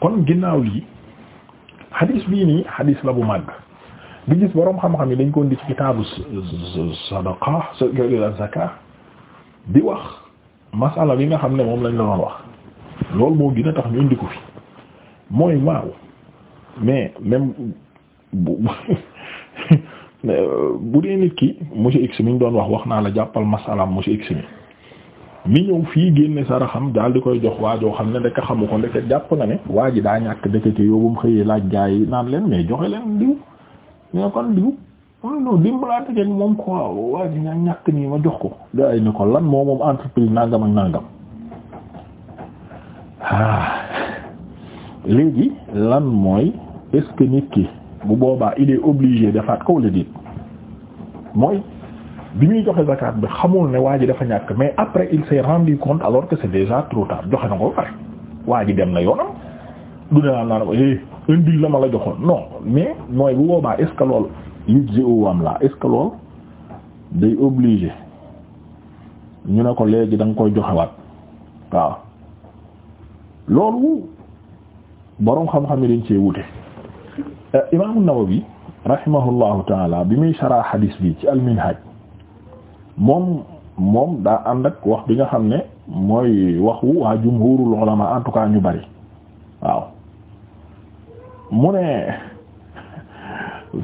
kon ginnaaw lii hadis bii nii hadis la bu màgg bi gis borom xam-xam yi dañ ko indi ci kitaabu sadaqa zakat di wax masala bi nga xam ne moom lañ la doon wax loolu moo gin a tax ñu indi ko fi mooy waaw mais même bu euh, bu dee nit ki monsieur X mi doon wax wax naa la jàppal masalaam monsieur X mi. mi ñëw fii génne saraxam daal di koy jox waajoo xam ne ndeke xamu ko ndeke jàpp na ne waa ji daa ñàkk ndekete yóbbum xëyee laaj jaay yi naan leen mais joxe leen diw ñoo kon diw non non dimbalaate jeeg moom quoi waa ji ma jox ko gaa ne ko lan moo moom entreprise nangam ak nangam ah. léegi lan mooy est nit ki bu boobaa il obligé defaat ko la déet mooy bi muy joxe zakat bi xamul ne waa ji dafa ñàkk mais après il s'est rendu compte alors que c'est déjà trop tard joxe na ko pare waa ji dem na yoonam du ne naan ko eh indil la ma la joxoon non mais mooy bu boobaa est-ce que lool yu am laa est-ce lool day obligé ñu ne ko léegi da nga koy joxewaat waaw loolu boroom xam-xam yi dañ cee wute eh, Imaamu Nawawi rahimahullahu taala bi muy sarah hadis bi ci al-Minhaj moom moom daa ànd ak wax bi nga xam ne mooy waxu waa jumhurul ulama en tout cas ñu bari waaw mu ne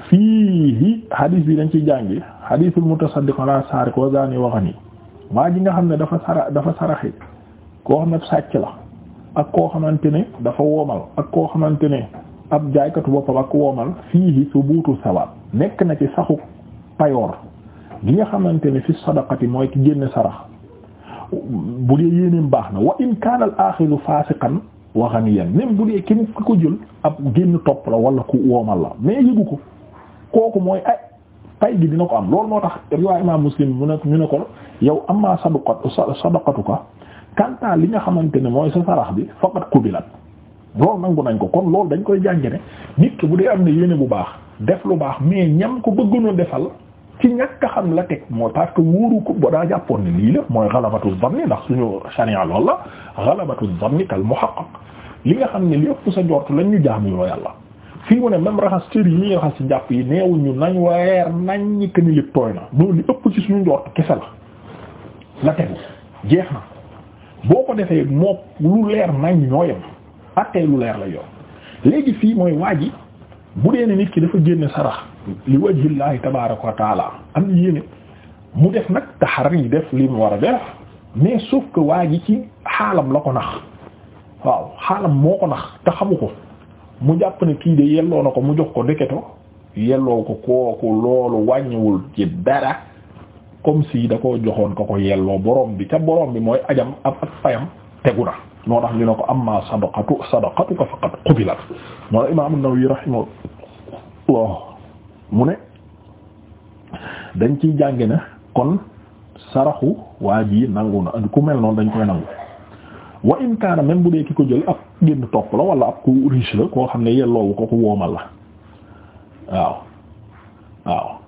fii hadith bi dañ ci jàngi hadithul mutasaddiq ala sarik wa zani wa ghani waa ji nga xam ne dafa sara dafa saraxi koo xam ne sàcc la ak koo xamante ne dafa woomal ak koo xamante ne ab jaaykatu boppam ak woomal fii subuutu sawaab nekk na ci saxu payoor li nga xamante ne fi sadaqati mooy ki génne sarax bu dee yéeneem baax na wa in kaana al axidu fasiqan wa ghaniyan même bu dee ki ki ko jël ab génn topp la wala ku woomal la mais yëgu ko kooku mooy ay pay gi dina ko am loolu moo tax riwaay imam muslim mu ne ñu ne ko yow am amma sadaqatu sadaqatuka kanta li nga xamante ne mooy sa sarax bi faqat qubilat loolu nangu nañ ko kon loolu dañ koy jànge ne nit ki bu dee am na yéene bu baax def lu baax mais ñam ko bëggoon a defal ci ñàkk a xam la teg mooy parce que ko ba daa jàppoon ne lii la mooy xalabatu zanni ndax suñu sharia lool la xalabatu zanni kal muhaqqaq li nga xam ne li ëpp sa njort lañ ñu jaamu yoo yàlla fii mu ne même raxas cër yi ñuy raxas ci njàpp yi neewuñu nañ weer nañ que ni lépp tooy na loolu li ëpp ci suñu njort kese la la tegu jeex na boo ko defee mook lu leer nañ ñoo yem attey lu leer la yor léegi fii mooy waa yi bu dee ne nit ki dafa génn sarax li wajhillahi tabaaraka wa am yéene mu def nag taxar yi def lii mu war a def mais sauf que waa ji ci xaalam la ko nax waaw xaalam moo ko nax te xamu ko mu jàpp ne kii de yelloo na ko mu jox ko deketo yelloo ko kooku loolu wàññiwul ci dara comme si da koo joxoon ko ko yelloo borom bi ca borom bi mooy ajam ab ak fayam tegu na moo tax ñu ne ko amma sadaqatu sadaqatuka faqad qubilat moo la imam an-Nawawi mu ne dañ ciy jàngi na kon saraxu waa ji nangu na ku mel noonu dañ koy nangu wa in kaana même bu dee ki ko jël ab génn topp la wala ak ku riche la koo xam ne yelloowu ko ku woomal la waaw waaw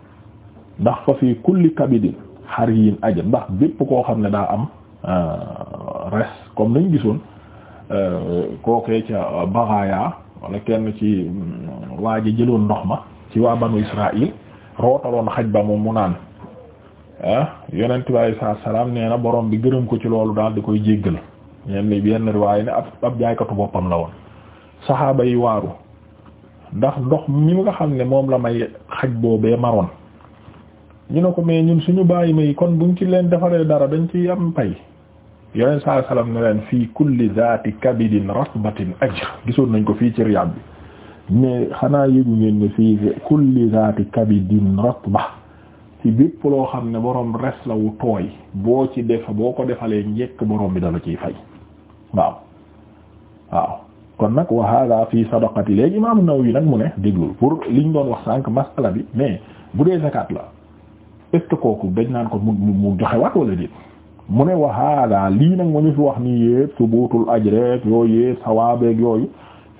ndax bépp koo xam ne daa am euh, comme nañ gisoon euh, kookee ca euh, baxaayaa wala kenn ci mm, waa jëloon ndox ma ci waa banu Israël rootaloon xaj ba mu mu naan yeneen ah, yonent bi alayhi salaatu salaam nee na borom bi gërëm ko ci loolu daal di koy jéggal ñenn ni benn riwaay ne ab ab jaaykatu boppam la woon saxaaba yi waaru ndax ndox mi nga xam ne moom la may xaj boobee maroon ñu ne ko mais ñun suñu bàyyi may kon buñ ci leen defaree dara dañ ci am pay yeneen saa salaam ne leen fii kulli zaati kabidin ratbatin ajr gisoon nañ ko fii ci Riyaad bi mais xanaa yëgu ngeen ne fii kulli zaati kabidin ratba ci bépp loo xam ne borom res la wu tooy boo ci def boo ko defalee njekk boroom bi dala ciy fay waaw waaw kon nag wa hada fi sadaqati léegi naw Nawawi nag mu ne déglul pour liñ doon wax sànq masala bi mais bu dee zakat la est ce kooku dañ naan ko mu mu joxe waat wala déet mu ne wa lii nag ma ñu fi wax ni yëpp subutul ajrek yooyu yëpp sawaabeeg yooyu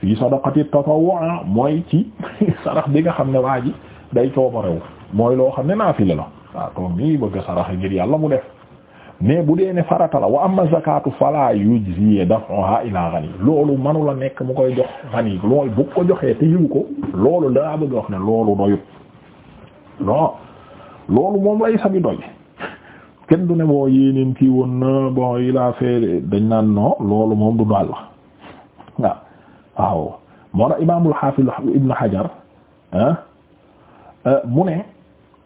fii sadaqati tatawwu mooy ci sarax bi nga xam ne waa ji day coobarew mooy loo xam ne naafila la waaw toog nii bëgg a sarax ngir yàlla mu def mais bu dee ne farata la wa amma zakatu fala yujzi daf'uha ila ghani loolu manula nekk mu koy jox ghani loolu bu ko joxee te yiwu ko loolu danaa bëgg wax ne loolu doyut non loolu moom lay sabi doy kenn du ne boo yéeneen kii woon na bon il a fait dañ naan non loolu moom du daal la waaw waaw moo tax imaamul xaafil ibnu Hajar ah, ah mu ne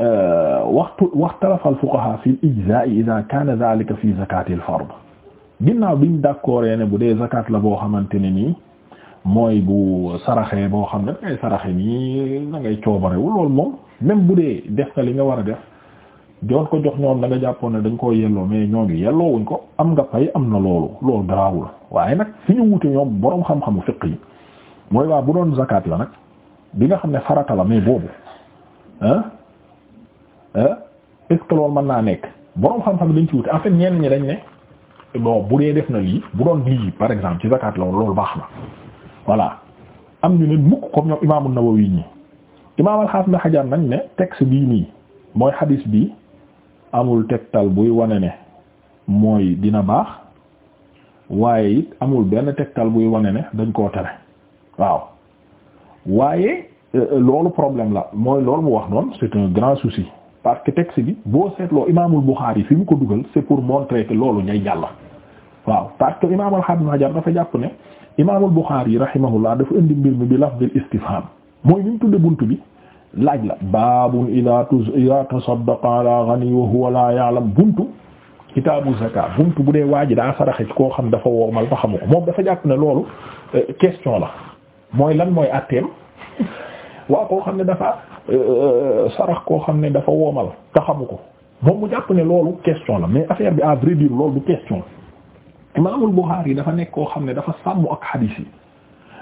ah, waxtu waxtalafa al fuqaha fi l ijzaa'i idaa kaana zaalika fi zakaatil fard ginnaaw biñ d'accord ne bu dee zakat la boo xamante ne nii mooy bu saraxee boo xam ne da ngay saraxe nii da ngay loolu moom même bu dee def nga li nga war a def doon ko jox ñoom da nga jàppoon ne dañ koo yelloo mais ñooñu yelloo wuñ ko am nga pay am na loolu loolu garaawul waaye nag fi ñu wute ñoom boroom xam-xamu fiq yi mooy waa bu doon zakat la nag bi nga xam ne farata la mais boobu ah ah est ce mën naa nekk boroom xam-xam dañ ci wute en fait ñenn ñi dañ ne bon bu dee def na lii bu doon lii par exemple ci zakat la loolu baax na voilà am ñu ne mukk comme ñoom imaamu Nawawi ñi imaam al-Hafiz Hajar nañ ne texte bii nii mooy xadiis bi amul tegtal buy wane ne mooy dina baax waaye it amul benn tegtal buy wane ne dañ koo tere waaw waaye euh, euh, loolu problème la mooy loolu mu wax noonu c'est un grand souci parce que texte bi boo seetloo imaamul Bukhari fi mu ko dugal c'est pour montrer que loolu ñay jàll waaw parce que imaamul Hafiz Hajar dafa jàpp ne imaamul Bukhari rahimahullah dafa indi mbir mi bi lafdil istifham mooy ni mu tudde bunt bi laaj la baabu ida ida tasaddaqa ala ghani wa huwa la ya'lam buntu kitaabu zakat buntu bu dee waa ji daa saraxe ci koo xam dafa woomal ko xamu ko moom dafa jàpp ne loolu euh, question la mooy lan mooy atteem waa koo xam ne dafa euh, euh, sarax koo xam ne dafa woomal te xamu ko moom mu jàpp ne loolu question la mais affaire bi à vrai dire loolu du question imaamul Buxaari dafa nekk koo xam ne dafa sàmm ak xadiis yi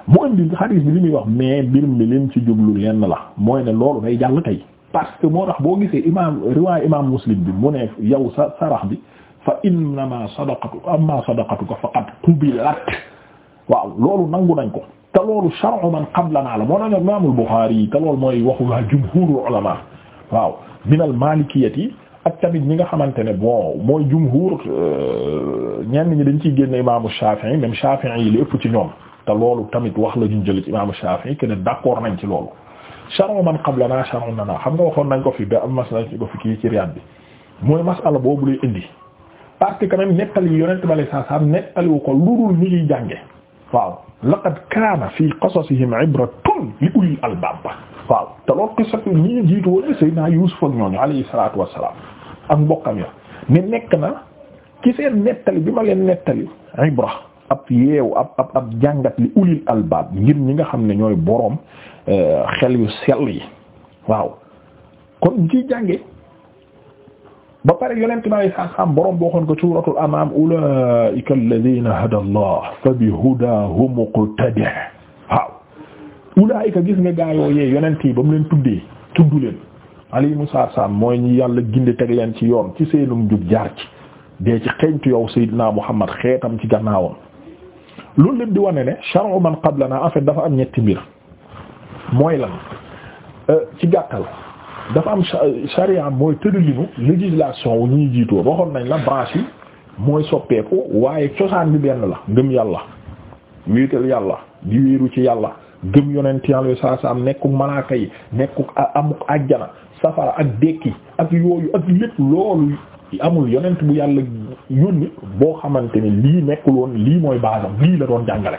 mu indi xadiis bi li muy wax mais mbir mi lim ci jublu lenn la mooy ne loolu day jàll tey parce que moo tax boo gisee imaam riwaay bi mu ne yow sa sarax bi fa innama sadaqatu amma sadaqatuka faqad qubilat waaw loolu nangu nañ ko te loolu shar'u man qablanaa la moo naño imaamul Buxaari yi te loolu mooy waxu waa jumhurul ulama waaw min al malikiyyati ak tamit ñi nga xamante ne bon mooy jumhur euh, ñenn ñi dañ ciy génne imaamu Shafi'i même Shafi'i yi li ëpp ci ñoom te loolu tamit wax la ñu jël ci imaamu Shafi'i que ne d'accord nañ ci loolu shar'u man qablanaa shar'u lanaa xam nga waxoon nañ ko fi ba am ko fi kii ci bi mooy masala boobu lay indi parce que quand même nettali yonent bi alayhi salaam nettaliwu ko ludul ñu ciy jànge waaw laqad kaana fii qasasihim ibratun li ulil albaab waaw te loolu qissat ñi jiitu woon Seydina Yuusuf ñooñu alayhi salaatu wassalaam ak mbokkam ya ne nekk na ci seen nettali bi ma leen nettali ibra ab yeew ab jàngat li ulil albaab ngir ñi nga xam ne ñooy boroom eh, xel yu sell yi waaw kon ñu jànge ba pare yonent bi alayhi salaatu borom boo xoon ko suuratul an'aam ulaa'ika allaziina hadaa Allah fabi hudaahum iqtadih waaw ulaa'ika gis nga gaayoo yee yonent yi ba mu leen tuddee tudd leen alayhimu salaatu salaam mooy ñi yàlla gindi teg leen ci yoon ci seenum jub jaar ci dee ci xeeñtu yow Seydina Muhammad xeetam ci gannaawam loolu lépp di wane ne shar'u man qablanaa en fait dafa am ñetti mbir mooy lan euh, ci gàttal dafa am charia mooy tëralinu législation wu ñuy jiitoo waxoon nañ la branche yi mooy soppeeku waaye cosaan bi benn la ngëm yàlla wéetal yàlla di wéeru ci yàlla gëm yonent yàlla saa saa am nekkuk malaaka yi nekkuk amuk àjjana safara ak dekki ak yooyu ak lépp loolu amul yonent bu yàlla yónni boo xamante ni lii nekkul woon lii mooy baasam lii la doon jàngale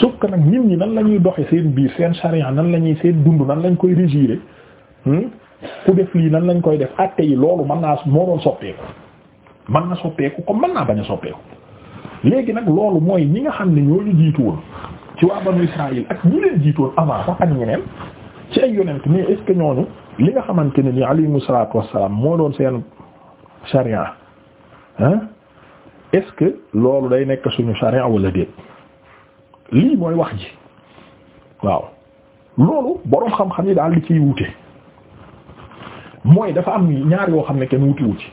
sauf nag nit ñi nan la ñuy doxe seen biir seen charia nan la ñuy seen dund nan lañ koy régiré hmm? ku def lii nan lañ koy def àtte yi loolu mën naa moo doon soppeeku mën na soppeeku comme mën naa bañ a soppeeku léegi nag loolu mooy ñi nga xam ne ñooñu jiituwoon ci waa banu Israël ak ñi leen jiituwoon avant sax ak ñeneen ci ay yonent mais est ñooñu li nga xamante ne nii alayhimu salaatu wassalaam moo doon seen charia hein est ce que loolu day nekk suñu charia wala déet lii mooy wax ji waaw loolu boroom xam-xam yi daal di ciy wute. mooy dafa am ñaar yoo xam ne kenn wutiwu ci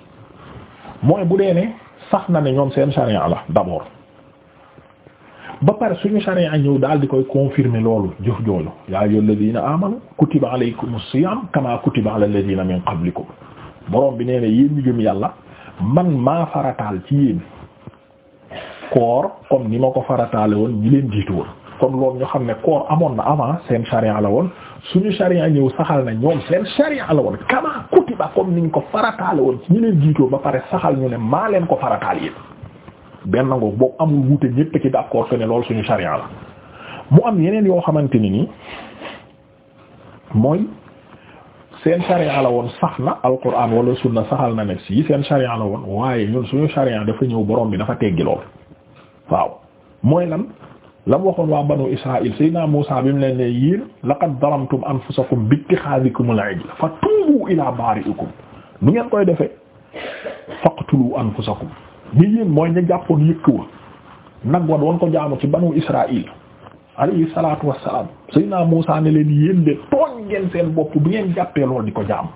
mooy bu dee ne sax na ne ñoom seen charia la d'abord ba pare suñu charia ñëw daal di koy confirmer loolu jëf jooju yaa ayyuhal ladina amanu kutiba alaykumus siyam kama kutiba alal ladina min qablikum borom bi nee ne yéen ñu gëm yàlla man maa farataal ci yéen koor comme ni ma ko farataale woon ñi leen jiitu woon kon loolu ñu xam ne koor amoon na avant seen charia la woon suñu sharia ñëw saxal na ñoom seen sharia la woon kama kutiba comme niñ ko farataale woon ci ñu leen jiitoo ba pare saxal ñu ne maa leen ko farataal yépp benn ngoog boobu amul wuute ñépp ki d'accord que ne loolu suñu sharia la mu am yeneen yoo xamante ni nii mooy seen sharia la woon sax na alquran wala sunna saxal na ne si seen sharia la woon waaye ñun suñu sharia dafa ñëw borom bi dafa teggi lool waaw mooy lan la mu waxoon waa banu israil sayyidina Muusaa bi mu leen ne yéen laqad daramtum anfusakum bittixaadikum al-ijl fa tuubu ila baari'ikum nu ngeen koy defee faqtulu anfusakum ñi yéen mooy ña jàppoon yëkk wa nag wa doon ko jaamu ci banu israil alayhi salaatu wassalaam sayyidina Muusaa ne leen yéen de tooñ ngeen seen bopp bi ngeen jàppee lool di ko jaam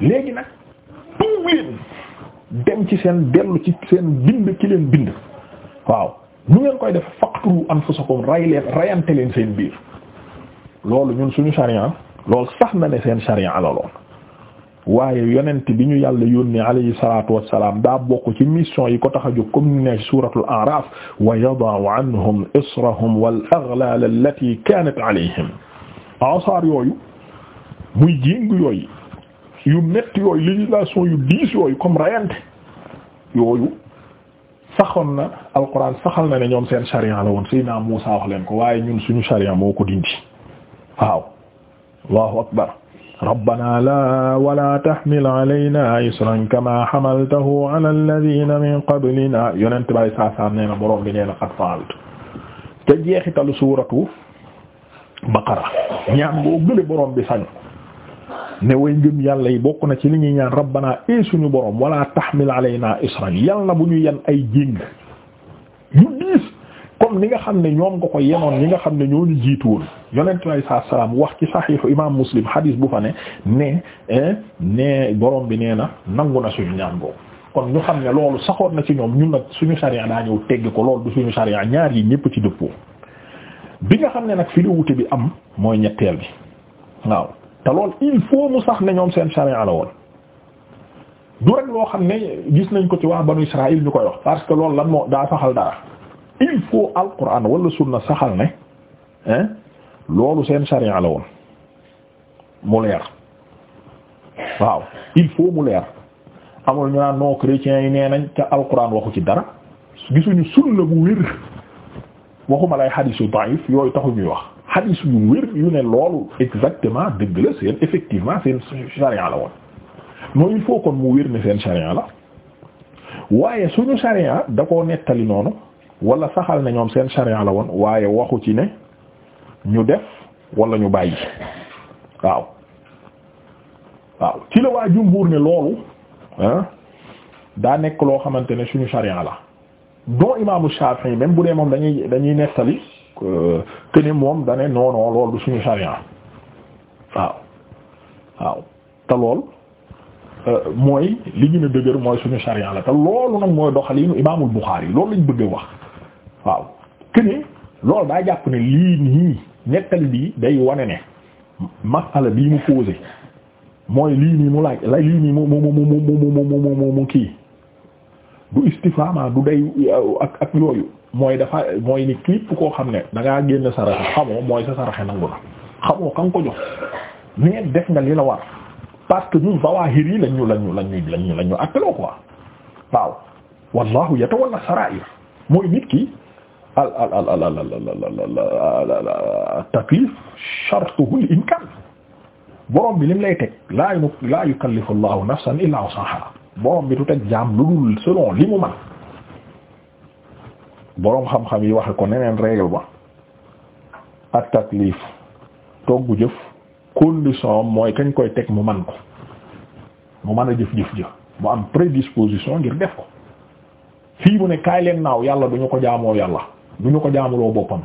léegi nag tuub leen dem ci seen dellu ci seen bind ki leen bind waaw nu ngeen koy def faqtulu anfusakum ray leen leen seen biir loolu ñun suñu sharia loolu sax na ne seen sharia la waaye yonent bi ñu yàlla yónnee alayhi salaatu wassalaam daa bokk ci mission yi ko tax a jóg comme ni ne suuratul a'raaf wa anhum israhum wal aghlaal allati kaanat alayhim asaar yooyu muy jéng yooyu yu metti yooyu législation yu diis yooyu comme rayante yooyu saxoon na alquran saxal na ñoom seen sharia la woon Muusa wax leen ko waaye ñun suñu sharia moo ko dindi waaw allahu akbar rabbana la wala tahmil alayna isran kama hamaltahu ala min qablina yonent bay saasaan nee na boroom bi nee na qad fa'altu te jeexitalu suuratu baqara ñaan boo gële boroom bi sañ ne way ngëm yàlla yi bokk na ci li ñuy ñaan rabbana ee suñu borom wala tahmil alayna isran yal na bu ñu yan ay jéng yu diis comme ni nga xam ne ñoom nga ko yenoon ñi nga xam ne ñoo ñu jiitu woon yonentu ay salaam wax ci saxiixu imaam muslim hadis bu fa ne ne eh, ne bi nee na nangu na ñaan boobu kon ñu xam ne loolu saxoon na ci ñoom ñun nag suñu sariya daa ñëw tegg ko lool du suñu sariya ñaar yi ñépp ci dëppoo bi nga xam ne nag fi lu wute bi am mooy ñetteel bi waaw te lool il faut mu sax ne ñoom seen charia la woon du rek loo xam ne gis nañ ko ci waa banu Israël ñu koy wax parce que lool lan moo daa saxal dara il faut alquran wala sunna saxal ne hein loolu seen charia la woon mu leer waaw il faut mu leer amul ñu naan non chrétiens yi nee nañ al alquran waxu ci dara gisuñu sunna bu wér waxuma lay xadiis yu da'if yooyu taxu wax xadiis yu wér yu ne loolu exactement dëgg la seen effectivement seen charia la woon mooy il faut kon mu wér ne seen charia la waaye suñu charia da koo nettali noonu wala saxal ne ñoom seen charia la woon waaye waxu ci ne ñu def wala ñu bàyyi waaw waaw ci la waa jumbuur ne loolu daa nekk loo xamante ne suñu charia la don imaamu Shafi'i même bu dee moom dañuy dañuy nettali que ni moom dane non non loolu suñu sariya waaw waaw te lool mooy li gën a dëgër mooy suñu sariya la te loolu nag mooy doxalinu imaamul Buxaari loolu lañ bëgg wax waaw que ni daa jàpp ne lii nii nettali bii day wane ne masala bii mu posé mooy lii nii mu laaj lii nii mu mu mu mu mu mu mu kii. du istifaama du day ak ak mooy dafa mooy ni képp koo xam ne da ngaa génn saraxe xamoo mooy sa saraxe nangu na xamoo ka ko jox mais def nga li la war parce que ñun zawahir yi lañ ñu lañ ñu lañ ñu lañ ñu lañ waaw wallahu yatawalla sarair mooy nit ki al al al al al al al taklif shartuhu al imkan borom bi lim lay teg laa yu laa yukallifu allahu nafsan illa wusaha borom bi du teg jaam lu dul selon li mu man boroom xam-xam yi waxe ko neneen règle ba ak taklif toggu jëf condition mooy kañ koy teg mu man ko mu mën a jëf jëf jëf mu am prédisposition ngir def ko fii mu ne kaay leen naaw yàlla du ñu ko jaamoo yàlla du ñu ko jaamuloo boppam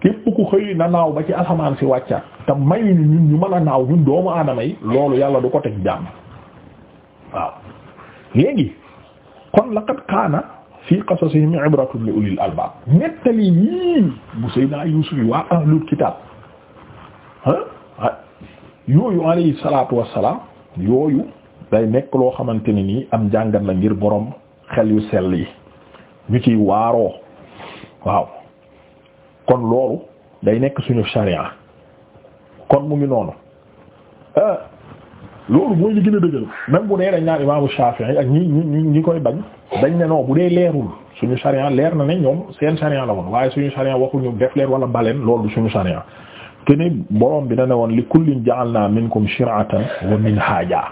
képp ku xëy na naaw ba ci asamaan si wàccaat te mayuñu ñun ñu man a naaw ñun doomu aadama yi loolu yàlla du ko teg jaam léegi kon laqad kaana fii qasasihim ibratun li ulil albaab nettali yii bu Seydina Yuusuf yi waa ahlul kitaab ah yooyu alayhi salaatu wassalaam yooyu day nekk loo xamante ne nii am jàngat la ngir borom xel yu sell yi ñu ciy waaroo waaw kon loolu day nekk suñu sharia kon mu ngi noonu ah loolu mooy li gën a dëgëral même bu dee dañ naan imaamu Shafi'i ak ñi ñi ñi koy bañ dañ ne non bu dee leerul suñu sharia leer na ne ñoom seen sharia la woon waaye suñu sharia waxul ñu def leer wala baleen loolu suñu sharia te ni bi da ne woon li kullin ja'alna minkum shir'atan wa minhaja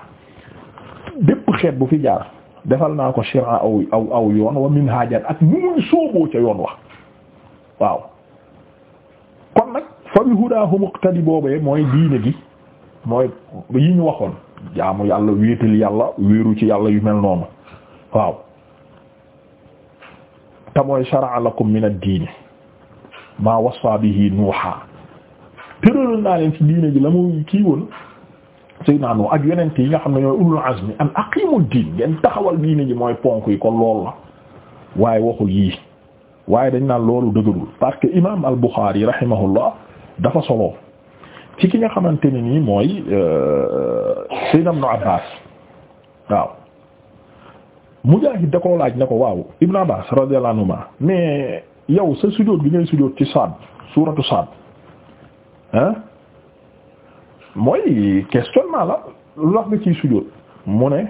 bépp xeet bu fi jaar defal naa ko shir'a aw aw aw yoon wa minhaja ak nu muy sooboo ca yoon wax waaw kon nag fa bi hudaahum iqtadi boobee mooy diine yi ñu waxoon. jaamu yàlla wéetal yàlla wéeru ci yàlla yu mel noonu waaw te mooy shara'a lakum min ad-diini maa wasa bihi nuuha tëralal naa leen ci diine ji la mu kii woon Seydina Nuux ak yonent yi nga xam ne ñooy ulul azmi an aqimu diin ngeen taxawal diine ji mooy ponk yi ko loolu la waaye waxul yii waaye dañ naan loolu dëgërul parce que imaam al-Bukhari rahimahullah dafa solo. ci ki nga xamante ne nii mooy euh, Sayyidna Ibn Abbas waaw Mujaahid da koo laaj ne ko waaw Ibn Abbas radiyallahu anhuma mais yow sa sujóot bi ngay sujóot ci Saad suuratu Saad ah mooy questionnement la lu wax nga ciy sujóot mu ne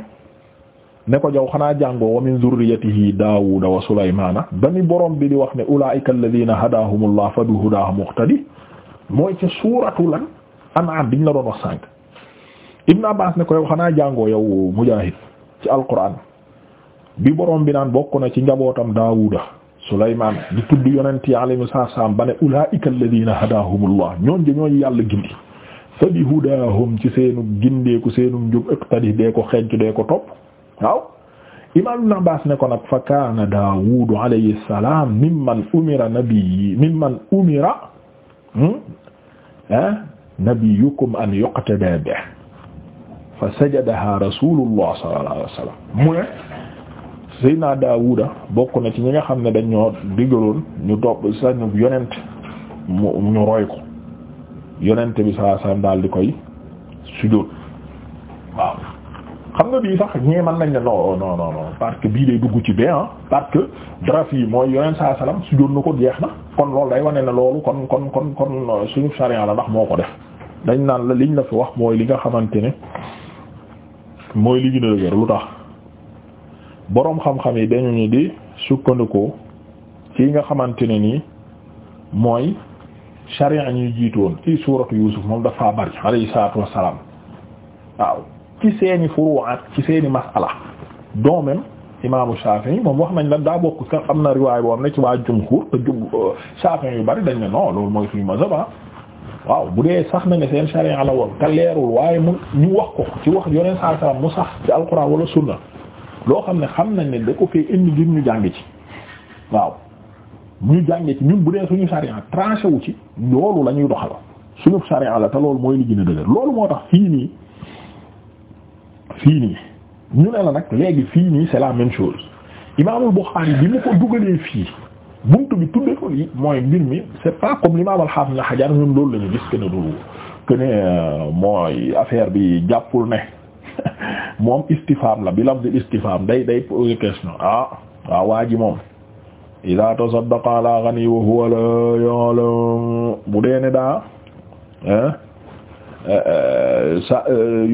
ne ko jaw xanaa jàngoo wa min zurriyatihi Daawuda wa Sulaymaana ba ni borom bi di wax ne ulaa'ika alladhiina hadaahumullahu fa bi hudaahum iqtadi mooy ca suuratu lan an'am biñ la doon wax sànq Ibn Abbas ne ko yow xanaa jàngoo yow Mujaahid ci alquran bi borom bi naan bokk na ci njabootam Daawuda Sulaymaan di tudd yonent yi alayhimu ba ne ulaa'ika alladhiina hadaahumullah ñoon de ñooy yàlla gindi fa bi hudaahum ci seenu gindeeku seenu njub iqtadi dee ko xenc dee ko topp waaw imam Ibn Abbas ne ko nag fa kaana Daawudu alayhi salaam mimman umira nabiyyi mimman umira ah nabiyukum an yuqtada bihi fa sajadaha rasulullah sallallahu alayhi wa mu ne Seydina Daawuda bokk na ci ñi nga xam ne dañ ñoo digaloon ñu topp sañu yonent mu ñu roy ko yonent bi sallallahu alayhi wa daal di koy sujjóot waaw xam nga bii sax ñee mën nañ ne non non non parce que bii day dugg ci bee ah parce yi mooy yonent saa salaam sujjóot na ko jeex na kon loolu day wane ne loolu kon kon kon kon suñu sharia la ndax moo ko def dañ naan la liñ la fi wax mooy li nga xamante ne mooy li gën a dëgër lu tax boroom xam-xam yi dañu ni di sukkandikoo ci nga xamante ne nii mooy sharia ñuy jiitu woon ci suuratu Yuusuf moom dafa bari alayhi salaatu wassalaam waaw ci seeni furuwaat ci seeni masala dont même imaamu Shafi'i moom wax nañ la daa bokk sax am na riwaay boo am ne ci waa jumhur te jum euh, Shafi'i yu bari dañ ne non loolu mooy suñu mazhab ah. waaw bu dee sax na ne seen sharia la woon te leerul waaye mu ñu wax ko ci wax yoneen saa salaam mu sax ci alxuraan wala sunna loo xam ne xam nañ ne da ko fee indi ngir ñu jàng ci waaw ñu jàng ci ñun bu dee suñu sharia tranché wu ci loolu la ñuy doxal suñu sharia la te loolu mooy li gën dëgër loolu moo tax fii nii fii nii ñu ne la nag léegi fii nii c'est la même chose Imaamul Bukhari bi mu ko dugalee fii. buntu bi tuddee ko mooy mbir mi c'est pas comme l'imam al-Hafiz Ibn Hajar ñun loolu la ñu gis que ne du que euh, mooy affaire bi jàppul ne moom istifham la bi lafzul istifham day day poser question ah waaw ah, waa ji moom ida tasaddaqa ala ghani wa huwa la ya'lam bu deene daa euh, sa euh,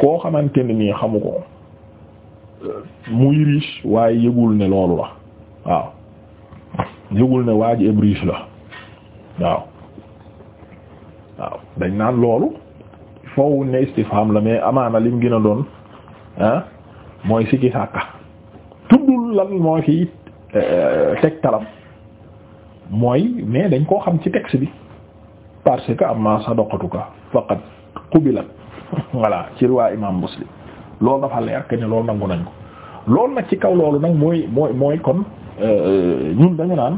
koo xamante ne nii xamu ko muy riche waaye yëgul ne loolu la waaw yëgul ne waa ji ab la waaw dañ naan loolu foofu ne istifham la mais amaana lim gën a doon ah, mooy sikki sàkka tuddul lan moo fi euh, teg talam mooy mais dañ koo xam ci texte bi parce que amma sadaqatuka faqad qubilat voilà ci riwaa imam muslim loolu dafa leer que ne loolu nañ ko loolu nag ci kaw loolu nag mooy mooy mooy kon euh, euh, ñun dañu naan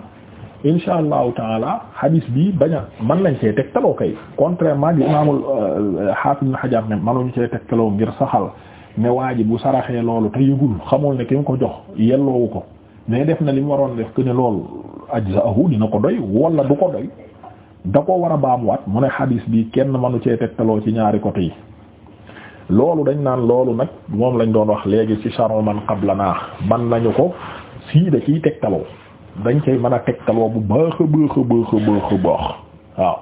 insha allahu taala hadith bi bañ a man lañ cee tegtaloo kay contrairement di imaamul euh, haafis na xajar ne manuñu cee tegtaloo ngir saxal ne waa ji bu saraxee loolu te yëgul xamul ne ki nga ko jox yelloowu ko mais def na li mu waroon def que ne loolu ajzaahu dina ko doy wala du ko doy da ko war a baamuwaat mu ne hadith bii kenn manu cee tegtaloo ci ñaari côté yi loolu dañ naan loolu nag moom lañ doon wax léegi ci sharon man qablanaa man nañu ko sii da ciy tegtaloo dañ cay mën a tegtaloo bu baax a baax a baax a baax a baax waaw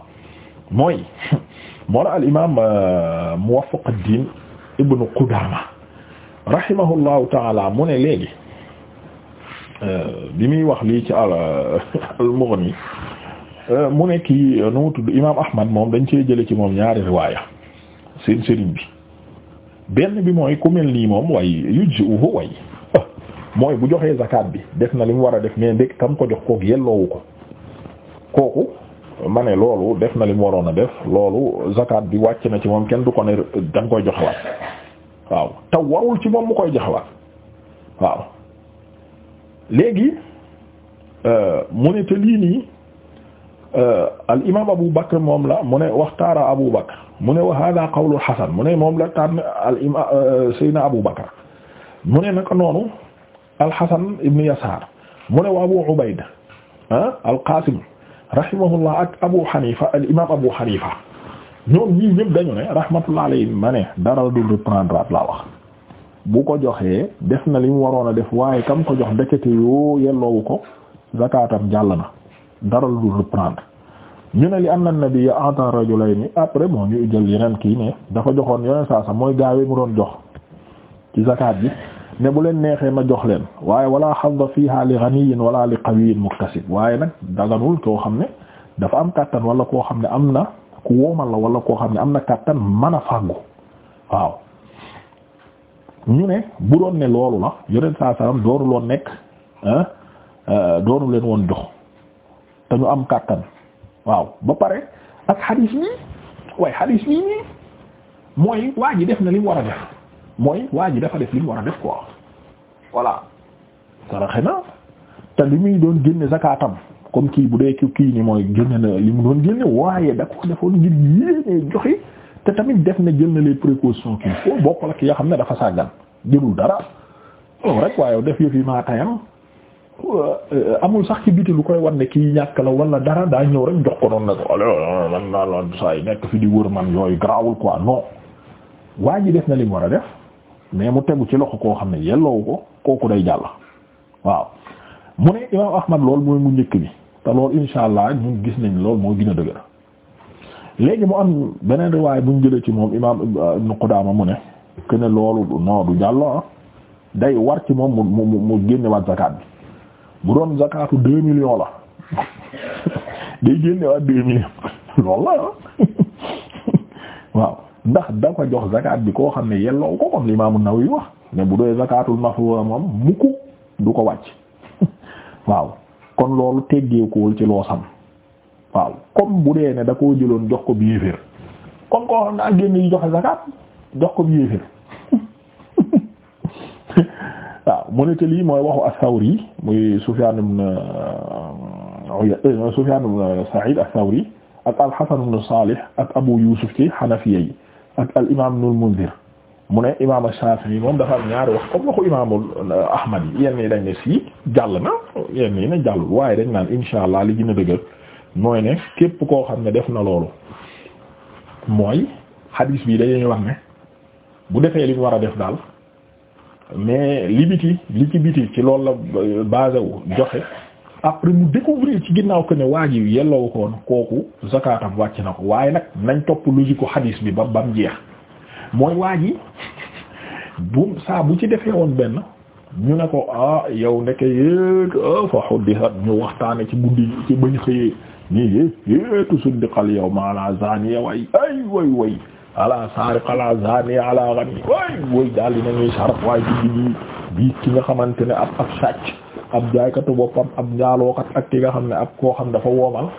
mooy moo la al imaam euh, Muwaffaq ad-Din ibnu Qudaama rahimahullahu taala mu ne léegi euh, bi muy wax lii ci al euh, al-Mughni mu ne kii nu mu tudd imaam Ahmad moom dañ cee jële ci moom ñaari riwaaya seen sëriñ bi benn bi mooy ku mel nii moom way yujjuhu way mooy bu joxee zakat bi def na li mu war a def mais ndekk kam ko jox kook yelloowu ko kooku ma ne loolu def na li mu waroon a def loolu zakat bi wàcc na ci moom kenn du ko ne da nga koy joxewaat waaw te warul ci moom mu koy joxewaat waaw léegi euh, mu ne te lii nii Euh, al imaam Abu Bakr moom la mu ne waxtaara Abu Bakr mu ne wa haaza qawlu Hasan mu ne moom la tànn al imaam euh, Seydina Abu Bakr mu ne naka noonu al Hasan ibn Yasaar mu ne wa Abu Ubayd ah al Qaasim rahimahullah ak Abu Hanifa al imaam Abu Hanifa ñoom ñii ñëpp dañu ne rahmatullah alayhi ma ne dara du reprendre laa wax bu ko joxee def na li mu waroon a def waaye kam ko jox ndekete yoo yelloowu ko zakaatam jàll na. dara lu dul reprendre ñu ne li anna nabiyya ata nii après moo ñu jël yeneen kii ne dafa joxoon yeneen saa sa mooy gaawee mu doon jox ci zakat bi ne bu leen neexee ma jox leen waaye xam wala fii fiha li ghaniyin wala li qawiyyin muktasib waaye nag daganul koo xam ne dafa am kàttan wala koo xam ne am na ku woomal la wala koo xam ne am na kàttan mën a fàggu waaw ñu ne bu doon ne loolu la yeneen saa saam dooru loon nekk euh, doonu leen woon jox te ñu am kàttan waaw ba pare ak xadiis nii waaye xadiis nii mooy waa ji def na li mu war a def mooy waa ji dafa def li mu war a def quoi voilà saraxe na te li muy doon génne zakaatam comme kii bu dee kii ni mooy génne na li mu doon génne waaye da ko defoon ngir yéenee joxe te tamit def na jël na les précautions qu'il faut bokk la ki nga xam ne dafa sàggan jëlul dara loolu rek waaye def yëf maa tayam amul sax ci biti lu koy wan ne kii ñàkk la wala dara daa ñëw rek jox ko noonu ne ko allo man saa yi nekk fi di wër man yooyu garaawul quoi non waa ji def na li mu war a def mais mu tegu ci loxo koo xam ne yelloowu ko kooku day jàll waaw mu ne imaam Ahmad mu njëkk bi te lool insha allah ñun gis nañ lool moo gën a dëgër léegi mu am beneen riwaay bu ñu jëlee ci moom imaam Ibn Qudaama mu ne que ne loolu non du jàll ah. day war ci moom mu mu mu génne waat zakat bi. bu doon zakatu deux millions la day génne waa deux millions loolu la ah. waaw ndax da ko jox zakat bi koo xam ne yelloo ko comme l'imam An-Nawawi wax mais bu dee zakatul mafruuda moom mukk du ko wàcc waaw kon loolu teggeekuwul ci loosam waaw comme bu dee ne da koo jëloon jox ko biéefér comme koo xam ne ak génn yi joxe zakat jox ko biéefér waaw mu ne te lii mooy waxu as-Sawri muy Sufyaan ibn euh, euh, Sufyaan ibn Sa'iid ak al-Hasan ibn Saalih ak Abu Yuusuf ci Hanafiya yi ak al-imaam Ibn al mu ne imaam Shaafi'i moom dafa am ñaari wax comme waxu imaamu euh, Ahmad yi yenn yi dañ ne sii jàll na yenn yi ne jàllul waaye dañ naan inshaa Allah li gën a mooy ne képp koo xam ne def na loolu mooy hadis bi dañuy wax ne bu defee li mu war a def daal mais li biti li ci biti ci loolu la euh, basé wu joxe après mu découvrir ci ginnaaw que ne waaj ji yelloo koon kooku zakaatam wàcc na ko waaye nag nañ topp logique u xadiis bi ba bam jeex mooy waa ji bu saa bu ci defee woon benn ñu ne ko ah yow nekk yéeg ah, fa xuddisat ñu waxtaane ci guddi ci bañ xëyee nii yé yéetu suddiqal yow maala zaniya ay way way ala sariq ala zani ala ganni way wooy daal dinañuy saraf waaye ci bi bii ki nga xamante ne ab ab sàcc ab jaaykatu boppam ab njaalookat ak ki nga xam ne ab koo xam dafa woomal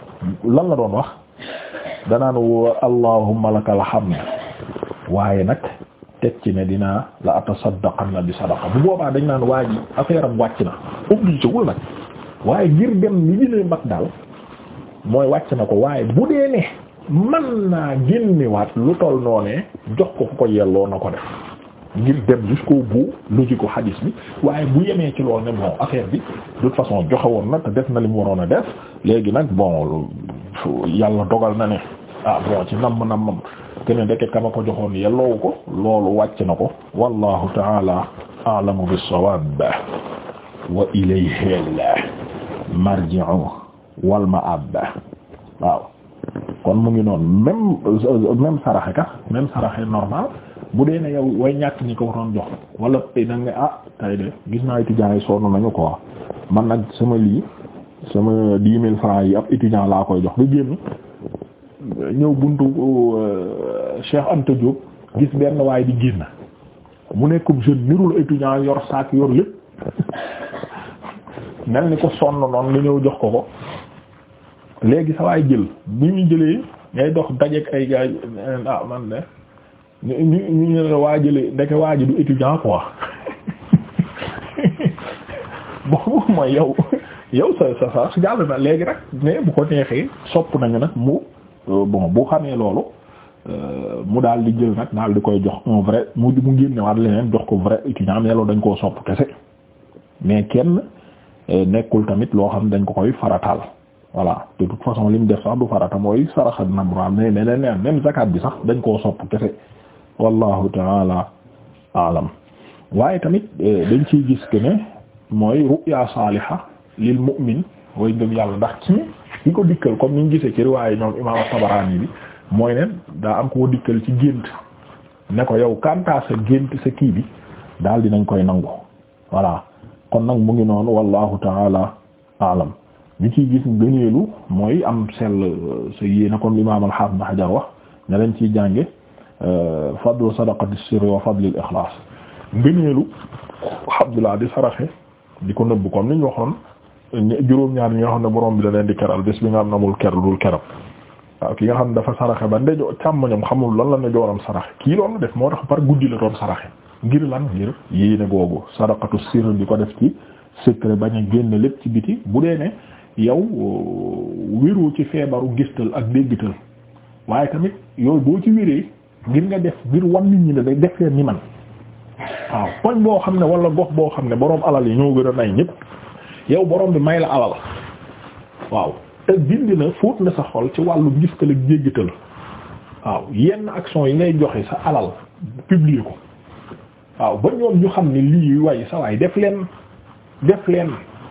lan la doon wax danaan wo allahumma lakal hamd waaye nag teg ci ne dinaa la atasaddaqanna bi sadaqa bu boobaa dañ naan waa ji affaire am wàcc na obligé wul nag waaye ngir dem li gën a daal mooy wàcc na ko waaye bu dee ne man naa génnewaat lu toll noonee jox ko ku ko yelloo na ko def ngir dem jusqu'au bout logique ko hadis bi waaye bu yemee ci loolu ne bon affaire bi de toute façon joxe woon na te def na li mu waroon a def léegi nag bon yàlla dogal na ne ah bon ci namm nammam te ne ndeke kama ko joxoon yelloowu ko loolu wàcc na ko wallahu taala a'lamu bis-sawab wa ilayhi al-marji'u wal ma'ab waaw kon mu ngi noonu même euh, même saraxe ka même saraxe normal bu dee na yow way ñàkk ñi ko waroon jox wala tey nag ne ah tay de gis naa étudiants yi sonn nañu quoi man nag sama lii sama dix mille francs yi ab étudiant laa koy jox nga génn ñëw buntu euh, Cheikh Anta Diop gis benn waay di génn mu nekkub jeune nirul étudiant yor saak yor lépp mel ni ko sonn noonu nga ñëw jox ko ko léegi sa waay jël bi ñu jëlee ngay dox dajeek ay gars ah ñu ñu ñu la waa jëlee ndeke waa ji du étudiant quoi boobu mooy yow yow sa sa sa su jàll na léegi rek mais bu ko neexee sopp nañu nag mu euh, bon bu xamee loolu euh, mu daal di jël nag daal di koy jox un vrai mu mu génnewaat leneen jox ko vrai étudiant mais loolu dañ koo sopp kese mais kenn euh, nekkul tamit loo xam dañ ko koy farataal. voilà de toute façon li mu def sax du farata mooy sarax ak namra mais mais même zakat bi sax dañ koo sopp kese wallahu taala alam waaye tamit euh, dañ ci gis que ne mooy ru'ya saliha lil mu'min way ngëm yàlla ndax ci ki ko dikkal comme ni ñu gisee ci riwaaye ñoom imam Tabarani bi mooy ne daa am koo dikkal ci gént ne ko yow kantaa sa gént sa kii bi daal dinañ koy nangu voilà kon nag mu ngi noonu wallahu taala alam ñu ciy gis gëneelu mooy am sell sa yéene comme l'imam al-Hafiz Ibn Hajar wax ne leen ciy jànge euh, fadlu sadaqati sirri wa fadli al-ikhlas gëneelu alhamdulillah di saraxe di ko nëbb comme ni ñu waxoon juróom-ñaar ñi nga xam ne borom bi da leen di keral bés bi nga am namul ker dul keram waaw ki nga xam ne dafa saraxe ba ndejo càmmoñam xamul lan la ne jooram saraxe kii loolu def moo tax par guddi la doon saraxe ngir lan ngir yéene googu sadaqatu sirri di ko def ci secret bañ a génn lépp ci biti bu dee ne yow euh, wéroo ci feebaru gistal ak déggtal waaye tamit yooyu boo ci wéree ngir nga def ngir wan nit ñi ne day def leen ni man waaw koñ boo xam ne wala gox boo xam ne boroom alal yi ñoo gën a nay ñëpp yow boroom bi may la alal waaw te dindi na fóot na sa xol ci wàllu gistal ak déggtal waaw yenn action yi ngay joxe sa alal publier ko waaw ba ñoom ñu xam ne lii way sa waay def leen def leen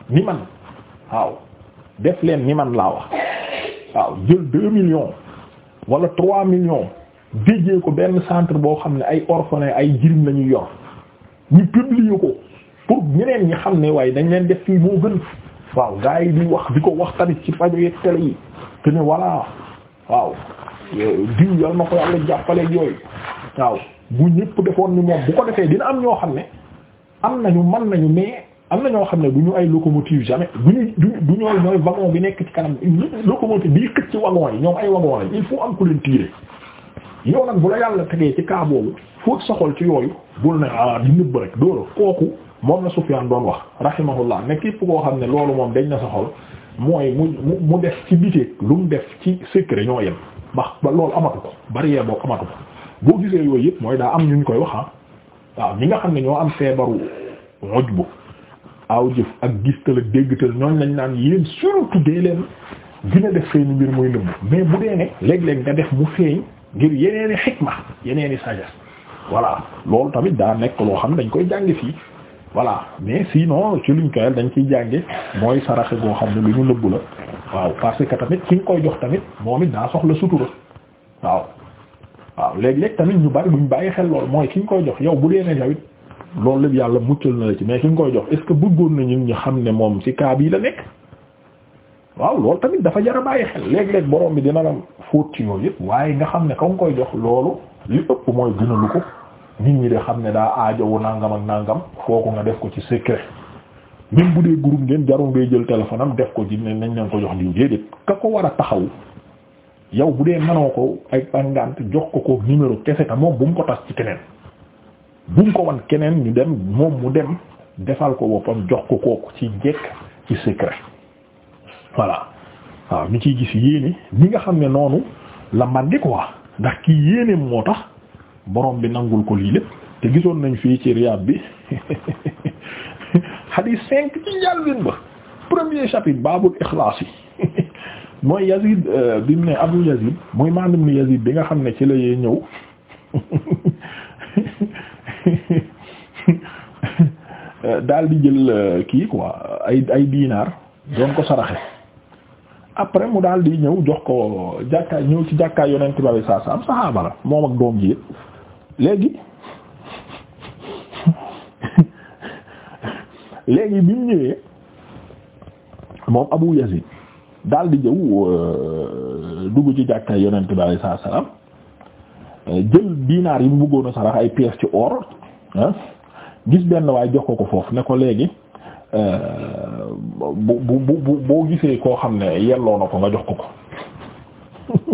ni man waaw def leen ni man laa wax waaw jël deux million wala trois millions déjee ko benn centre boo xam ne ay orphelin ay jirim la ñuy yor ñu publier ko pour ñeneen ñi xam ne waaye dañ leen def fii moo gën waaw gars yi di wax di ko wax tamit ci rajo yeeg télé yi te ne voilà waaw diw yal na ko yàlla jàppale yooyu waaw bu ñëpp defoon ni moom bu ko defee dina am ñoo xam ne am nañu mën nañu mais am na ñoo xam ne du ñu ay locomotive jamais duñu du du ñooy mooy wagon bi nekk ci kanam locomotive bi xëcc ci wagon yi ñoom ay wagon lañ il faut am ku leen tirer yow nag bu la yàlla tegee ci cas boobu foog soxal ci yooyu bul ne ah di nëbb rek dóora kooku moom la Sufyaan doon wax rahimahullah ne képp koo xam ne loolu moom dañ na soxal mooy mu mu def ci biti lu mu def ci secret ñoo yem ndax ba loolu amatu ko barrière boobu amatu ko boo gisee yooyu yëpp mooy daa am ñu ñu koy wax ah waaw ñi nga xam ne ñoo am feebaru aw jëf ak gistal ak déggtal ñooñ lañ naan yéen surtout dee leen dina def seeni mbir mooy nëbb mais bu dee ne léeg-léeg nga def mu feeñ ngir yeneeni xikma yeneeni sagesse voilà loolu tamit daa nekk loo xam ne dañ koy jànge fii voilà mais sinon ci luñ koyal dañ ciy jànge mooy saraxe goo xam ne lu ñu nëbb la waaw parce que tamit ki nga koy jox tamit moom it daa soxla sutura waaw waaw léeg-léeg tamit ñu bari buñ bàyyi xel lool mooy ki nga koy jox yow bu dee ne loolu lépp yàlla muccal na la ci mais ki nga koy jox est-ce que bëggoon na ñun ñu xam ne moom ci cas bii la nekk waaw loolu tamit dafa jar a bàyyi xel léeg-léeg borom bi dina la fóot ci yooyu yëpp waaye nga xam ne ka nga koy jox loolu li ëpp mooy ko nit ñi de xam ne daa aajowu nangam ak nangam kooku nga def ko ci secret même bu dee groupe ngeen jarul ngay jël téléphone def ko ci ne nañ leen ko jox diw déedéet ka ko war a taxaw yow bu dee manoo ko ay pangant jox ko ko numéro kese ta moom bu mu ko tas ci keneen buñ ko wan keneen ñu dem moom mu dem defal ko boppam jox ko kooku ci njekk ci secret voilà waaw ñu ciy gis yéene ñi nga xam ne noonu la màgge ndax ki yéeneem moo tax boroom bi nangul ko lii lépp te gisoon nañ fii ci Riyad bi hadith cinq ci njàlbéen ba premier chapitre baabul ikhlaas mooy Yazid euh, bi mu ne Abu Yazid mooy maanaam Yazid bi nga xam ne ci la yee ñëw Euh, daal di jël euh, kii quoi ay ay doon ko saraxe après mu daal di ñëw jox ko jàkkaar ñëw ci jàkkaay yonent bi saa saa am sax la moom ak doom ji léegi léegi bi mu moom Abu Yazid daal di jëw euh, dugg ci jàkkaay yonent bi saa saa am Euh, jël dinaar yi mu bëggoon a sarax ay pièces ci or gis benn waaye jox ko ko foofu ne ko léegi euh, bu bu bu boo gisee koo xam ne yelloo na ko nga jox ko ko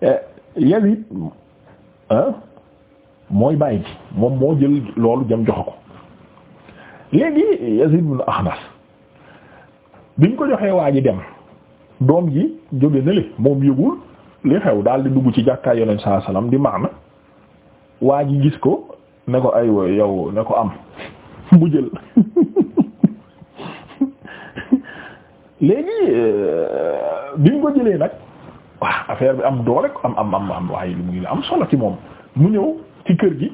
eh, Yazid mooy bàyyi moom moo jël loolu jëm jox ko léegi a ibn Akhnas biñ ko joxee waa ji dem doom ji jóge na le moom yëgul. li xew daal di dugg ci jàkkaay yoneen saa salaam di maana waa ji gis ko ne ko ay woy yow ne ko am mu jël léegi euh, bi mu ko jëlee nag waa affaire bi am doo am am am am waaye li mu ngi am solo ci moom mu ñëw ci kër gi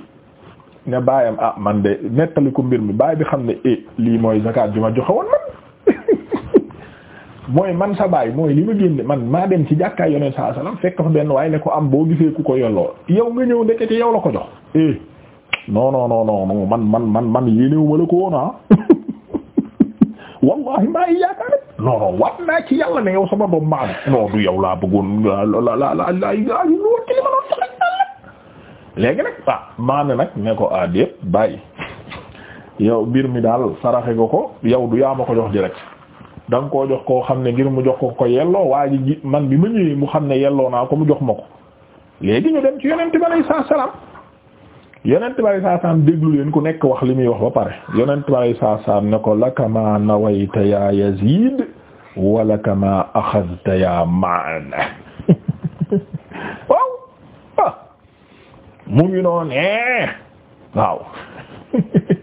ne baayam ah man de nettali ko mbir mi baay bi xam ne eh lii mooy zakat bi ma joxe woon mooy man sa baay mooy li ma génne man maa dem ci jàkkaay yoneen saa salaam fekk fa benn waaye ne ko am boo gisee ku ko yolloo yow nga ñëw ndekete yow la ko jox eh non non non non man man man man yéenewu ma la ko woon ah wallahi maa ngi yaakaar ne non non war naa ci yàlla ne yow sama doom maa non du yow laa bëggoon la la la la la yu lool ci li ma doon joxe léegi nag ah maane nag ne ko ah déet bàyyi yow mbir mi daal saraxe nga ko yow du yaa ma ko jox direct. da nga jox koo xam ne ngir mu jox ko ko yelloo waa ji man bi ma ñëwee mu xam ne yelloo naa ko mu jox ma ko léegi ñu dem ci yonent bi alayhi salaam yonent bi déglu leen ku nekk wax li muy wax ba pare yonent bi alayhi ne ko laka ma nawayta ya Yazid wa laka ma Ma'an mu ngi noonee waaw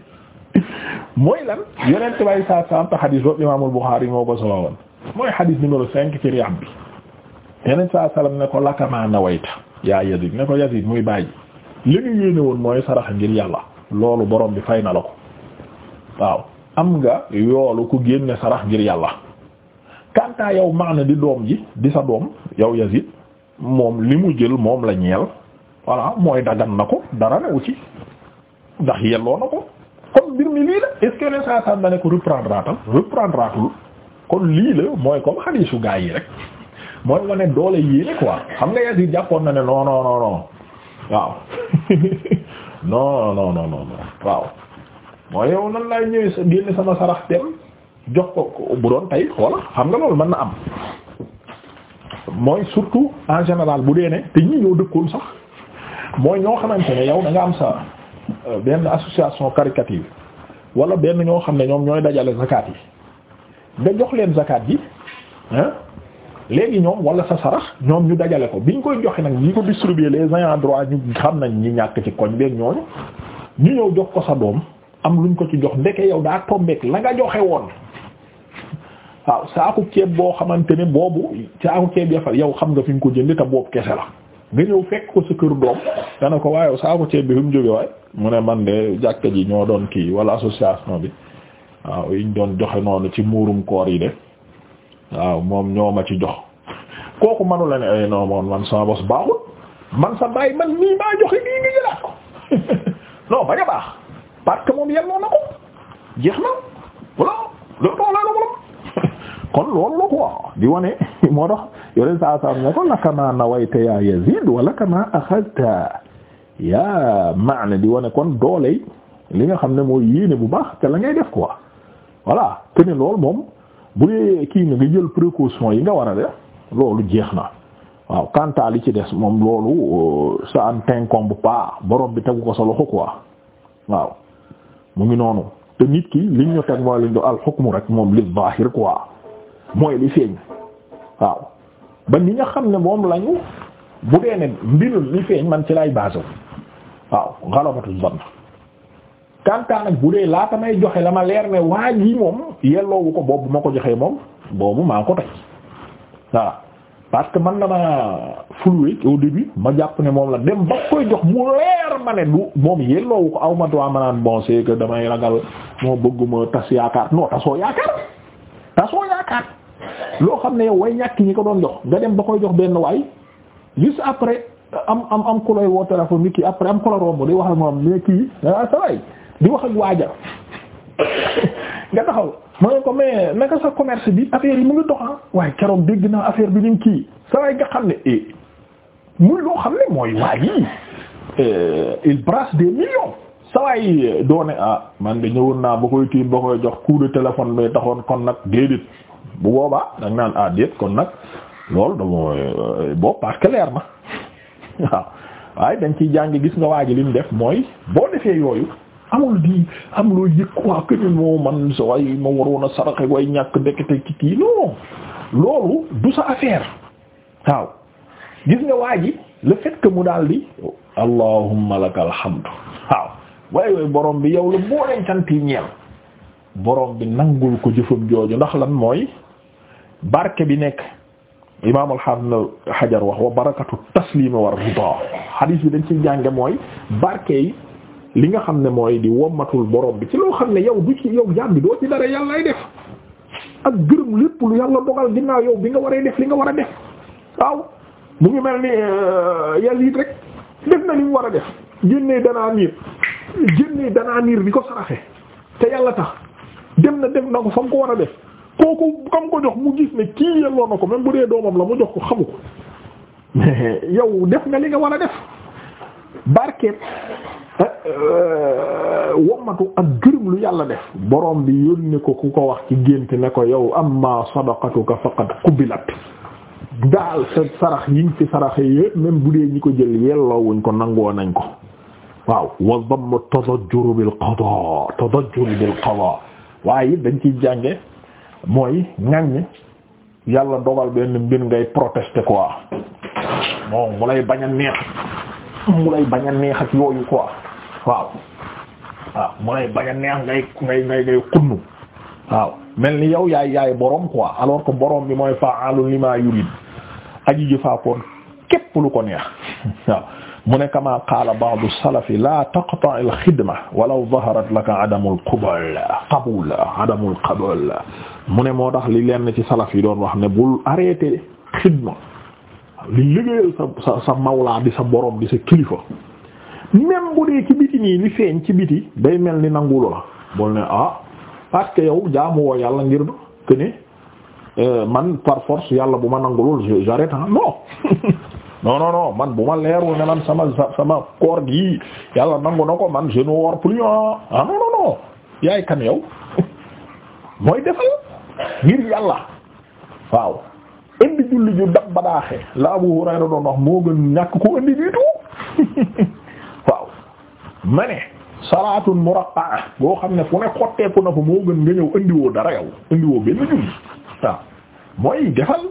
mooy lan yonent bay saa saam te xadis boobu imaamul Buxaari moo ko solo woon mooy xadis numéro cinq ci bi yeneen saa salaam ne ko lakamaa nawayta yaa Yazid ne ko Yazid muy bàyyi li nga yéene woon mooy saraxa ngir yàlla loolu borom bi fay na la ko waaw am nga yoolu ku génne sarax ngir yàlla kantaa yow maana di doom ji di sa doom yow Yazid moom li mu jël moom la ñeel voilà mooy dagan na ko dara newu ci ndax yelloo na ko mi lii la est ce que saa sàn ko reprendre kon lii la mooy comme xadiisu gaa yi rek mooy wane doole yéene quoi xam nga Yaziid jàppoon na ne non non non non waaw non non non non waaw mooy yow nan laay ñëwee sa génne sama sarax dem jox ko bu doon tey xoola xam nga loolu mën na am mooy surtout en général bu dee ne te ñi ñoo dëkkoon sax mooy ñoo xamante ne yow da nga am sa euh, benn association caritative wala benn ñoo xam ne ñoom ñooy dajale zakat yi nga jox leen zakat yi léegi ñoom wala sa sarax ñoom ñu dajale ko bi ñu koy joxe nag ñi ko distribuer les ayants droit ñu xam nañ ñi ñàkk ci koñ beeg ñooñu ñu ñëw jox ko sa doom am luñ ko ci jox ndeke yow daa tombeek la nga joxe woon waaw saaku ceeb boo xamante ne boobu saaku ceeb yafal yow xam nga fi nga ko jënd te boobu kese la nga ñëw fekk ko sa kër doom nga ne ko waaye saako ceeb bi fi mu jóge waay mu ne man de jàkka ji ñoo doon kii wala association bi waaw yiñ doon joxe noonu ci muurum koor yi de waaw moom ñoo ma ci jox kooku manu la ne ay eh, non man sama bos baaxul man sa bàyyi man nii maa joxe nii ngi jëlaat ko non bañ baax parce que moom yelloo ko jeex na di wane moo tax yoneen saa saam ne ko lakamaa nawayta yaa Yazid wa lakamaa axadta yaa Ma'na di wane kon dooley li nga xam ne mooy yéene bu baax te la ngay def quoi voilà te ne loolu moom bu dee kii nga jël précaution yi nga war a def loolu jeex na waaw quant li ci des moom loolu euh, ça ne t'incombe pas borom bi tegu ko sa loxo quoi waaw mu ngi noonu te nit ki liñ ñu teg mooy liñ do al hukmu rek moom li zahir feeñ waaw ba ni nga xam ne moom lañu bu dee ne mbir li feeñ man ci lay basé waaw galabatu zann kantaan bu dee laata may joxe la ma leer ne waa ji moom yelloowu ko boobu ma ko joxee moom boobu maa ko tey waaw parce que man dama floué au début ma jàpp ne moom la dem ba koy jox mu leer ma ne du moom yelloowu ko aw ma doon ma naan bon c'est que damay ragal moo bëgguma tas yaakaar non tasoo yaakaar tasoo yaakaar. loo xam ne yow way ñàkk ñi ko doon jox nga dem ba koy jox benn waay juste après am am am ku woo téléphone bi kii après am ku la romb di wax ak moom ne kii ah sa waay di wax ak waaja bi affaire yi mu ngi dox ah waaye dégg naa affaire bi ñu kii sa waay nga xam ne eh loo xam ne mooy waa yi eh, il brasse des sawaay eh, doone ah man de ñëwoon naa ba koy tiim ba koy jox coup de téléphone mais taxoon kon nag déedéet bu boobaa da naan ah kon nag loolu dama euh, boobu parce que leer na waaw waaye dañ ciy jàng gis nga waa ji li mu def mooy boo defee yooyu amul di am loo yëg quoi que ni moo man sa way ma waroon a saraxe way ñàkk ndekete ci kii non loolu du sa affaire waaw gis nga waaye borom bi yow la boo leen cant yi ñeel borom bi nangul ko jëfam jooju ndax lan mooy barke bi nekk imaam al-Hafiz Hajar wax wa barakatu taslimi war rida xadiis bi dañ ci jànge mooy barke yi li nga xam ne mooy di wommatul borom bi ci loo xam ne yow du ci yow jaam bi doo ci dara yàlla lay def ak gërëm lépp lu yàlla dogal ginnaaw yow bi nga waree def li nga war a def waaw mu ngi mel ni euh, Yazid rek def na li mu war a def génnee danaa niir génnee danaa niir bi ko saraxe te yàlla tax dem na def na ko fa mu ko war a def kooku kam ko jox mu gis ne kii yelloo na ko même bu dee doomam la mu jox ko xamu ko yow def nga li nga war a def barkeet eh, eh, wommatu ak gërëm lu yàlla def borom bi yónni ko ku ko wax ci gént ne ko yow amma sadaqatuka faqad qubilat daal sa sarax yi nga fi yépp même bu dee ñi ko jël yelloowuñ ko nangoo nañ ko waaw wa damm tadajjur bil qada tadajjur bil qada waaye dañ ciy jànge mooy ŋaññi yàlla dogal benn mbir ngay protester quoi moom mu lay bañ a neex mu lay bañ a neex ak yooyu quoi waaw mu lay bañ a neex ngay ngay ngay waaw mel ni yow yaay yaay borom quoi alors que borom bi mooy fa'alu lima yurid aji jëfaakoon képp lu ko neex waaw mu ne kama qaala ba'du salafi la taqta' al xidma walaw zaharat laka adamul qabul adamul qabul mu ne moo tax li leen lenn ci salaf yi doon wax ne bul arrêté xidma li liggéeyal sa sa mawlaa di sa borom di sa kilifa même bu dee ci biti nii li feeñ ci biti day mel ni nangulu la bul ne ah parce que yow jaamu woo yàlla ngir que euh, man par force yàlla bu ma nangulul j'arrête no non non non man bu ma leerul ne man sama sama koor gi yàlla nangu na ko man je ne wors plus ah non non non yaay kan yow mooy defal ngir yàlla waaw indi julli ju dab badaaxe la Abu Hurayra doon wax moo gën ñàkk ko indi jiitu waaw ma ne salaatun muraqqa'a boo xam ne fu ne xotteeku na fa moo gën nga ñëw indiwoo dara yow indiwoo benn julli waaw mooy defal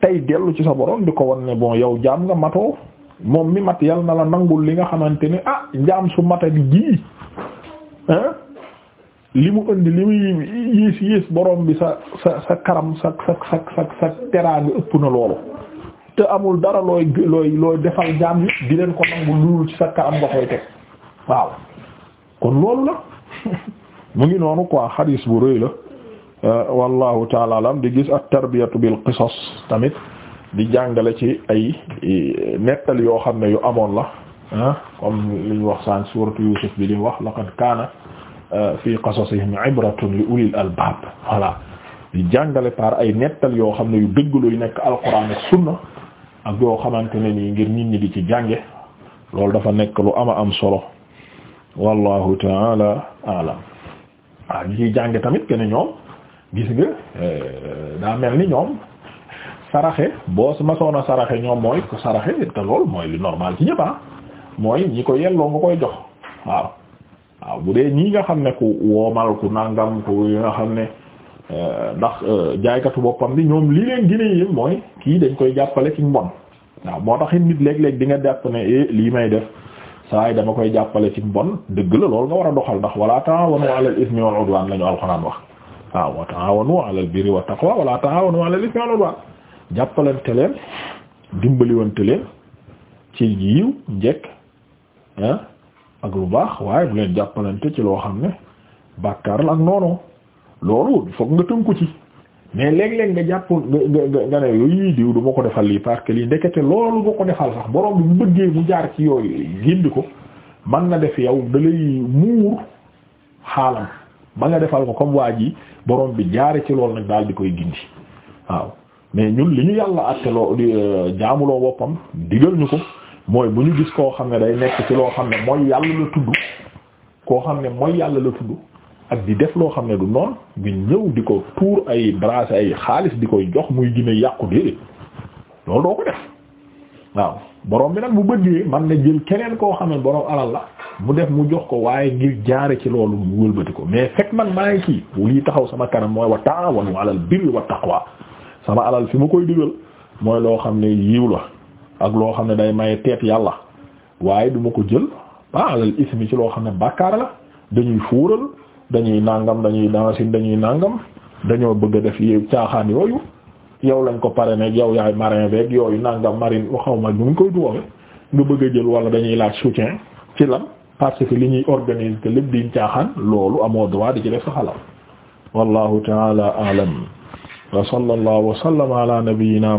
tey dellu ci sa borom di ko won ne bon yow jaam nga matoo moom mi mat yal na la nangul li nga xamante ni ah njaam su mata di ji ah li mu indi li muy yiis yiis borom bi sa sa sa karam sa sa sa sa sa ëpp na loolu te amul dara looy looy looy defal jaam yi di leen ko nangu luul ci sa karam nga koy teg waaw kon loolu la mu ngi noonu quoi xadiis bu rëy la euh, wallahu taala alam di gis at tarbiyatu bil tamit di jàngale ci ay nettal yoo xam ne yu amoon la ah comme li wax saan suuratu Yuusuf bi li mu wax laqad kaana Euh, fii qasasihim ibratun li ulil albab voilà di jàngale par ay nettal yoo xam ne yu dëggaloo yu nekk alquran ak sunna yoo xamante ne nii ngir nit ñi di ci jànge loolu dafa nekk lu ama am solo wallahu taala alam waaw ñi jànge tamit ke ne ñoom gis nga euh, daa mel ni ñoom saraxe boo masoon a saraxe ñoom mooy ko saraxe te lool mooy li normal ci ñëpp ah. mooy ñi ko yelloo nga koy jox waaw waaw bu dee ñii nga xam ne ku woomal ku nangam ku nga xam ne euh, ndax euh, jaaykatu boppam bi ñoom lii leen gën a mooy kii dañ koy jàppale ci mbon waaw moo tax nit léeg-léeg di nga jàpp ne eh, lii may def saa yi dama koy jàppale ci mbon dëgg la loolu nga war a doxal ndax wala ta'awanu 'alal ismi wal 'udwan la wa ta'awanu 'alal birri wat taqwa wala ta'awanu 'alal ismi wal 'udwan jàppalante leen dimbaliwante leen ci yiw njekk ak lu baax waaye bu leen jàppalante ci loo xam ne bàkkaar la ak noonu loolu fokk nga ko ci mais léeg-léeg nga jàpp nga nga ne yooyu diw duma ko defal lii parce que lii ndekete loolu boo ko defal sax borom bi bu bëggee mu jaar ci yooyu gindi ko man na def yow da lay muur xaalam ba nga defal ko comme waa ji borom bi jaare ci lool nag daal di koy gindi waaw mais ñun li ñu yàlla àtte loo euh, jaamuloo boppam digal ñu ko. mooy bu ñu gis koo xam ne day nekk ci loo xam ne mooy yàlla la tudd koo xam ne mooy yàlla la tudd ak di def loo xam ne du noon nga ñëw di ko tuur ay brasse ay xaalis di koy jox muy gën a yàqu déedéet loolu doo ko def waaw borom bi nag bu bëggee man na jël keneen koo xam ne borom alal la mu def mu jox ko waaye ngir jaare ci loolu mu wëlbati ko mais fekk man maa ngi kii lii taxaw sama kanam mooy wa ta'awanu alal birri wa taqwa sama alal fi mu koy digal mooy loo xam ne yiw la ak loo xam ne day maye teet yàlla waaye du ma ko jël baalal ismi ci loo xam ne bàkkaar la dañuy fuural dañuy nàngam dañuy dansin dañuy nàngam dañoo bëgg a def y caaxaan yooyu yow lañ ko pare ne yow yaay marin beeg yooyu nàngam marine xaw ma ñu ngi koy duwawe nga bëgg a jël wala dañuy laaj soutien ci lan parce que li ñuy organiser te di diñ caaxaan loolu amoo droit di ci def sa xalaat wallahu taala alam wa sallallahu wa sallama ala nabiyyina